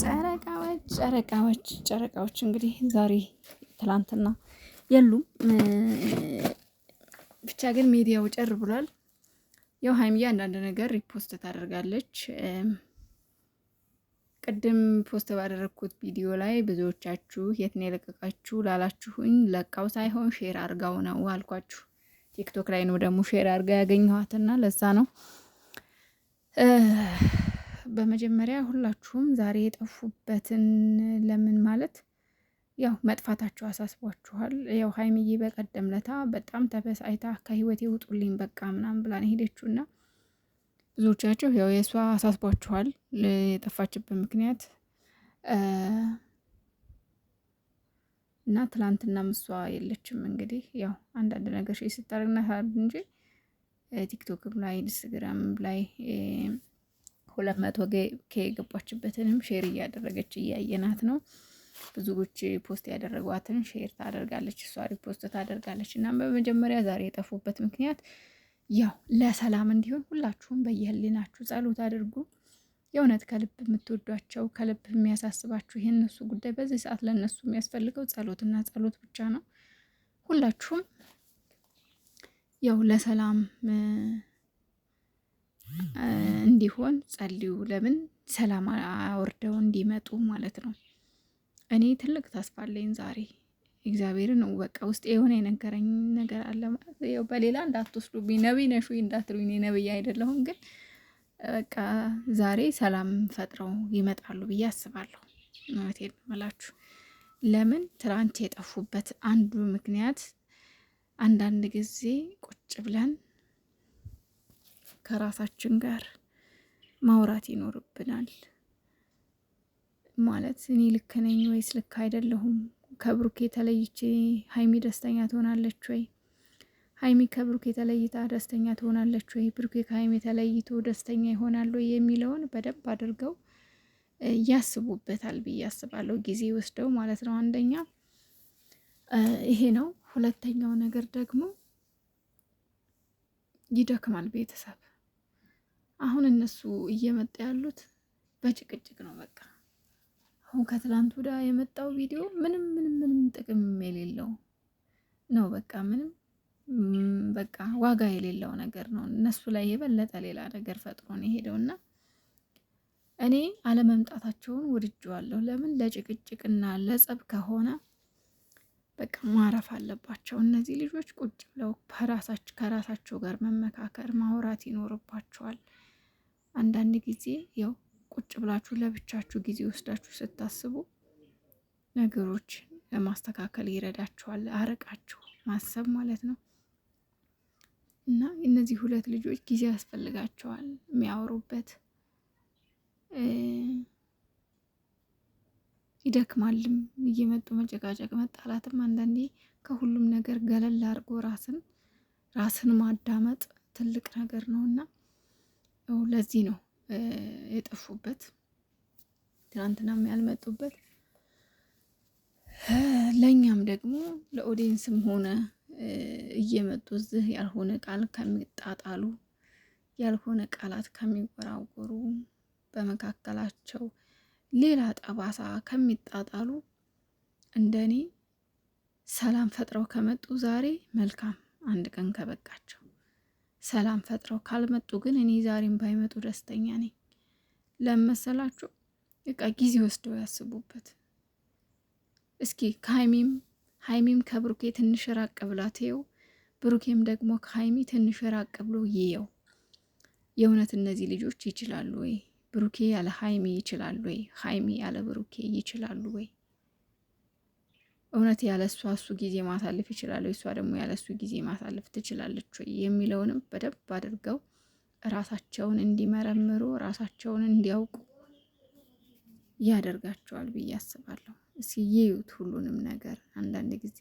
ጨረቃዎች ጨረቃዎች ጨረቃዎች እንግዲህ ዛሬ ትላንትና የሉም ብቻ ግን ሚዲያው ጨር ብሏል። ያው ሀይሚዬ አንዳንድ ነገር ሪፖስት ታደርጋለች። ቅድም ፖስት ባደረግኩት ቪዲዮ ላይ ብዙዎቻችሁ የት ነው የለቀቃችሁ ላላችሁኝ ለቃው ሳይሆን ሼር አርጋው ነው አልኳችሁ። ቲክቶክ ላይ ነው ደግሞ ሼር አርጋ ያገኘኋትና ለዛ ነው በመጀመሪያ ሁላችሁም ዛሬ የጠፉበትን ለምን ማለት ያው መጥፋታቸው አሳስቧችኋል። ያው ሀይሚዬ በቀደም ለታ በጣም ተበሳይታ ከህይወቴ ውጡልኝ በቃ ምናምን ብላን ሄደችው እና ብዙዎቻችሁ ያው የእሷ አሳስቧችኋል የጠፋችበት ምክንያት እና ትላንትና ምሷ የለችም። እንግዲህ ያው አንዳንድ ነገር ስታደርግና እንጂ ቲክቶክም ላይ ኢንስትግራም ላይ ሁለት መቶ ኬ የገባችበትንም ሼር እያደረገች እያየናት ነው። ብዙዎች ፖስት ያደረጓትን ሼር ታደርጋለች፣ እሷ ሪፖስት ታደርጋለች። እና በመጀመሪያ ዛሬ የጠፉበት ምክንያት ያው ለሰላም እንዲሆን ሁላችሁም በየህሊናችሁ ጸሎት አድርጉ። የእውነት ከልብ የምትወዷቸው ከልብ የሚያሳስባችሁ ይህን እነሱ ጉዳይ በዚህ ሰዓት ለእነሱ የሚያስፈልገው ጸሎትና ጸሎት ብቻ ነው። ሁላችሁም ያው ለሰላም እንዲሆን ጸልዩ። ለምን ሰላም አውርደው እንዲመጡ ማለት ነው። እኔ ትልቅ ተስፋ አለኝ ዛሬ እግዚአብሔርን በቃ ውስጥ የሆነ የነገረኝ ነገር አለ። ነው። በሌላ እንዳትወስዱብኝ፣ ነቢይ ነሹ እንዳትሉኝ፣ ነቢይ አይደለሁም። ግን በቃ ዛሬ ሰላም ፈጥረው ይመጣሉ ብዬ አስባለሁ። እውነቴን እምላችሁ ለምን ትናንት የጠፉበት አንዱ ምክንያት አንዳንድ ጊዜ ቁጭ ብለን ከራሳችን ጋር ማውራት ይኖርብናል። ማለት እኔ ልክ ነኝ ወይስ ልክ አይደለሁም? ከብሩኬ ተለይቼ ሀይሚ ደስተኛ ትሆናለች ወይ? ሀይሚ ከብሩኬ ተለይታ ደስተኛ ትሆናለች ወይ? ብሩኬ ከሀይሚ ተለይቶ ደስተኛ ይሆናል ወይ የሚለውን በደንብ አድርገው ያስቡበታል ብዬ አስባለሁ። ጊዜ ወስደው ማለት ነው። አንደኛ ይሄ ነው። ሁለተኛው ነገር ደግሞ ይደክማል ቤተሰብ አሁን እነሱ እየመጡ ያሉት በጭቅጭቅ ነው። በቃ አሁን ከትላንት ወዳ የመጣው ቪዲዮ ምንም ምንም ምንም ጥቅም የሌለው ነው። በቃ ምንም በቃ ዋጋ የሌለው ነገር ነው። እነሱ ላይ የበለጠ ሌላ ነገር ፈጥሮ ነው የሄደው እና እኔ አለመምጣታቸውን ወድጀዋለሁ። ለምን ለጭቅጭቅና ለጸብ ከሆነ በቃ ማረፍ አለባቸው እነዚህ ልጆች። ቁጭ ብለው ከራሳቸው ጋር መመካከር ማውራት ይኖርባቸዋል። አንዳንድ ጊዜ ያው ቁጭ ብላችሁ ለብቻችሁ ጊዜ ወስዳችሁ ስታስቡ ነገሮች ለማስተካከል ይረዳችኋል። አርቃችሁ ማሰብ ማለት ነው። እና እነዚህ ሁለት ልጆች ጊዜ ያስፈልጋቸዋል የሚያወሩበት ይደክማልም እየመጡ መጨቃጨቅ መጣላትም። አንዳንዴ ከሁሉም ነገር ገለል አድርጎ ራስን ራስን ማዳመጥ ትልቅ ነገር ነው እና ለዚህ ነው የጠፉበት ትናንትናም ያልመጡበት። ለእኛም ደግሞ ለኦዲየንስም ሆነ እየመጡ እዚህ ያልሆነ ቃል ከሚጣጣሉ ያልሆነ ቃላት ከሚወራወሩ በመካከላቸው ሌላ ጠባሳ ከሚጣጣሉ እንደኔ ሰላም ፈጥረው ከመጡ ዛሬ መልካም አንድ ቀን ከበቃቸው። ሰላም ፈጥረው ካልመጡ ግን እኔ ዛሬም ባይመጡ ደስተኛ ነኝ። ለመሰላችሁ እቃ ጊዜ ወስደው ያስቡበት። እስኪ ከሀይሚም ሀይሚም ከብሩኬ ትንሽ ራቅ ብላትየው ብሩኬም ደግሞ ከሀይሚ ትንሽ ራቅ ብሎ ይየው። የእውነት እነዚህ ልጆች ይችላሉ ወይ? ብሩኬ ያለ ሀይሚ ይችላሉ ወይ? ሀይሚ ያለ ብሩኬ ይችላሉ ወይ? እውነት ያለሷ እሱ ጊዜ ማሳለፍ ይችላል፣ እሷ ደግሞ ያለሱ ጊዜ ማሳለፍ ትችላለች ወይ የሚለውንም በደንብ አድርገው ራሳቸውን እንዲመረምሩ ራሳቸውን እንዲያውቁ ያደርጋቸዋል ብዬ አስባለሁ። እስኪ ይዩት ሁሉንም ነገር። አንዳንድ ጊዜ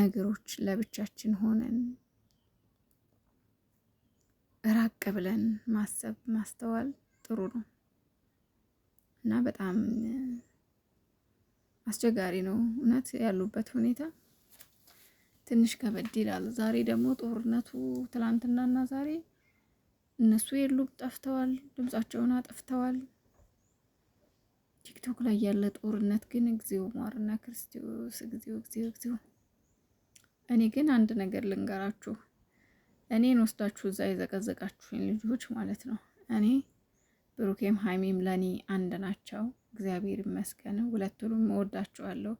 ነገሮች ለብቻችን ሆነን ራቅ ብለን ማሰብ ማስተዋል ጥሩ ነው እና በጣም አስቸጋሪ ነው እውነት ያሉበት ሁኔታ ትንሽ ከበድ ይላል። ዛሬ ደግሞ ጦርነቱ ትላንትናና ዛሬ እነሱ የሉም፣ ጠፍተዋል፣ ድምጻቸውን አጠፍተዋል። ቲክቶክ ላይ ያለ ጦርነት ግን እግዚኦ ማርና ክርስቶስ እግዚኦ እግዚኦ እግዚኦ። እኔ ግን አንድ ነገር ልንገራችሁ፣ እኔን ወስዳችሁ እዛ የዘቀዘቃችሁኝ ልጆች ማለት ነው እኔ ብሩኬም ሀይሜም ለእኔ አንድ ናቸው። እግዚአብሔር ይመስገን። ሁለቱንም እወዳቸዋለሁ።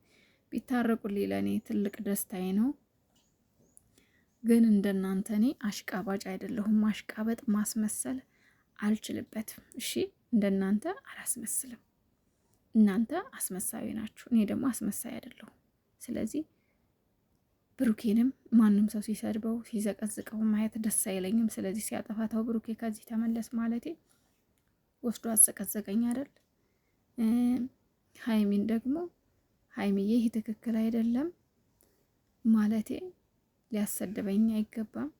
ቢታረቁልኝ ለእኔ ትልቅ ደስታዬ ነው። ግን እንደናንተ እኔ አሽቃባጭ አይደለሁም። ማሽቃበጥ ማስመሰል አልችልበትም። እሺ እንደናንተ አላስመስልም። እናንተ አስመሳዊ ናችሁ፣ እኔ ደግሞ አስመሳይ አይደለሁም። ስለዚህ ብሩኬንም ማንም ሰው ሲሰድበው ሲዘቀዝቀው ማየት ደስ አይለኝም። ስለዚህ ሲያጠፋታው ብሩኬ ከዚህ ተመለስ ማለቴ ወስዶ አዘቀዘቀኝ አይደል? ሀይሚን ደግሞ ሀይሚዬ ይህ ትክክል አይደለም ማለቴ ሊያሰደበኝ አይገባም።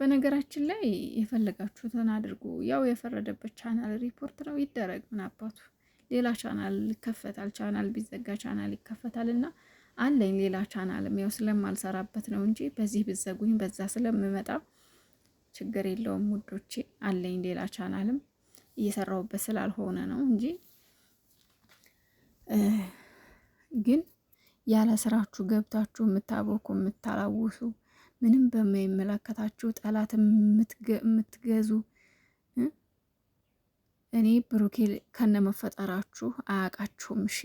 በነገራችን ላይ የፈለጋችሁትን አድርጉ። ያው የፈረደበት ቻናል ሪፖርት ነው ይደረግ፣ ምን አባቱ ሌላ ቻናል ይከፈታል። ቻናል ቢዘጋ ቻናል ይከፈታል እና አለኝ ሌላ ቻናልም ያው ስለማልሰራበት ነው እንጂ በዚህ ብዘጉኝ በዛ ስለምመጣ ችግር የለውም ውዶቼ። አለኝ ሌላ ቻናልም እየሰራሁበት ስላልሆነ ነው እንጂ ግን ያለ ስራችሁ ገብታችሁ የምታቦኩ የምታላውሱ ምንም በማይመለከታችሁ ጠላት የምትገዙ እኔ ብሩኬ ከነመፈጠራችሁ አያውቃችሁም። እሺ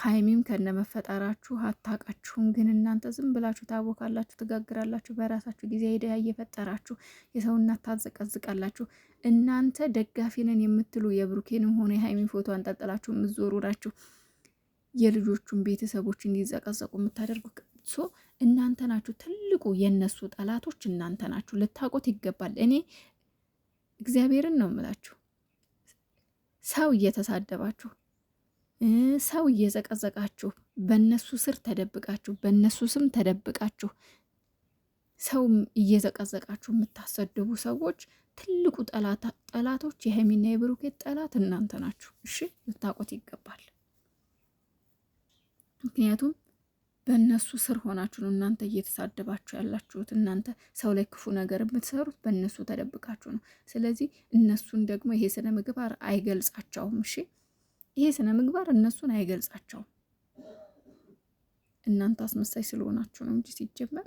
ሀይሚም ከነመፈጠራችሁ አታቃችሁም ግን እናንተ ዝም ብላችሁ ታቦካላችሁ፣ ትጋግራላችሁ። በራሳችሁ ጊዜ ሄዳ እየፈጠራችሁ የሰው ታዘቀዝቃላችሁ። እናንተ ደጋፊንን የምትሉ የብሩኬንም ሆነ የሀይሚን ፎቶ አንጠልጥላችሁ የምትዞሩ ናችሁ። የልጆቹን ቤተሰቦች እንዲዘቀዘቁ የምታደርጉ ሶ እናንተ ናችሁ። ትልቁ የነሱ ጠላቶች እናንተ ናችሁ። ልታውቁት ይገባል። እኔ እግዚአብሔርን ነው የምላችሁ ሰው እየተሳደባችሁ ሰው እየዘቀዘቃችሁ በእነሱ ስር ተደብቃችሁ በእነሱ ስም ተደብቃችሁ ሰው እየዘቀዘቃችሁ የምታሰድቡ ሰዎች ትልቁ ጠላቶች የሀይሚና የብሩኬት ጠላት እናንተ ናችሁ። እሺ ልታቆት ይገባል። ምክንያቱም በእነሱ ስር ሆናችሁ ነው እናንተ እየተሳደባችሁ ያላችሁት። እናንተ ሰው ላይ ክፉ ነገር የምትሰሩት በእነሱ ተደብቃችሁ ነው። ስለዚህ እነሱን ደግሞ ይሄ ስነ ምግባር አይገልጻቸውም። እሺ ይሄ ስነ ምግባር እነሱን አይገልጻቸውም። እናንተ አስመሳይ ስለሆናችሁ ነው እንጂ ሲጀመር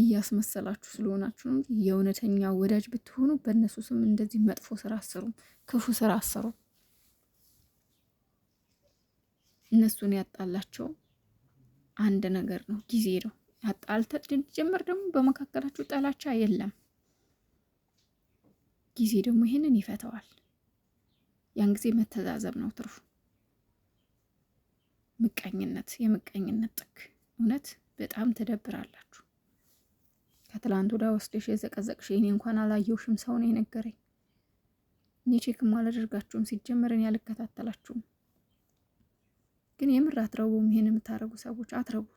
እያስመሰላችሁ ስለሆናችሁ ነው እንጂ የእውነተኛ ወዳጅ ብትሆኑ በእነሱ ስም እንደዚህ መጥፎ ስራ አሰሩም፣ ክፉ ስራ አሰሩም። እነሱን ያጣላቸው አንድ ነገር ነው፣ ጊዜ ነው ያጣልተ ጀመር። ደግሞ በመካከላችሁ ጠላቻ የለም። ጊዜ ደግሞ ይህንን ይፈተዋል። ያን ጊዜ መተዛዘብ ነው ትርፉ። ምቀኝነት፣ የምቀኝነት ጥግ እውነት በጣም ትደብራላችሁ። ከትላንት ወዲያ ወስደሽ የዘቀዘቅሽ እኔ እንኳን አላየውሽም ሰው ነው የነገረኝ። እኔ ቼክም አላደርጋችሁም ሲጀመር እኔ አልከታተላችሁም። ግን የምር አትረቡም። ይሄን ሰዎች አትረቡ።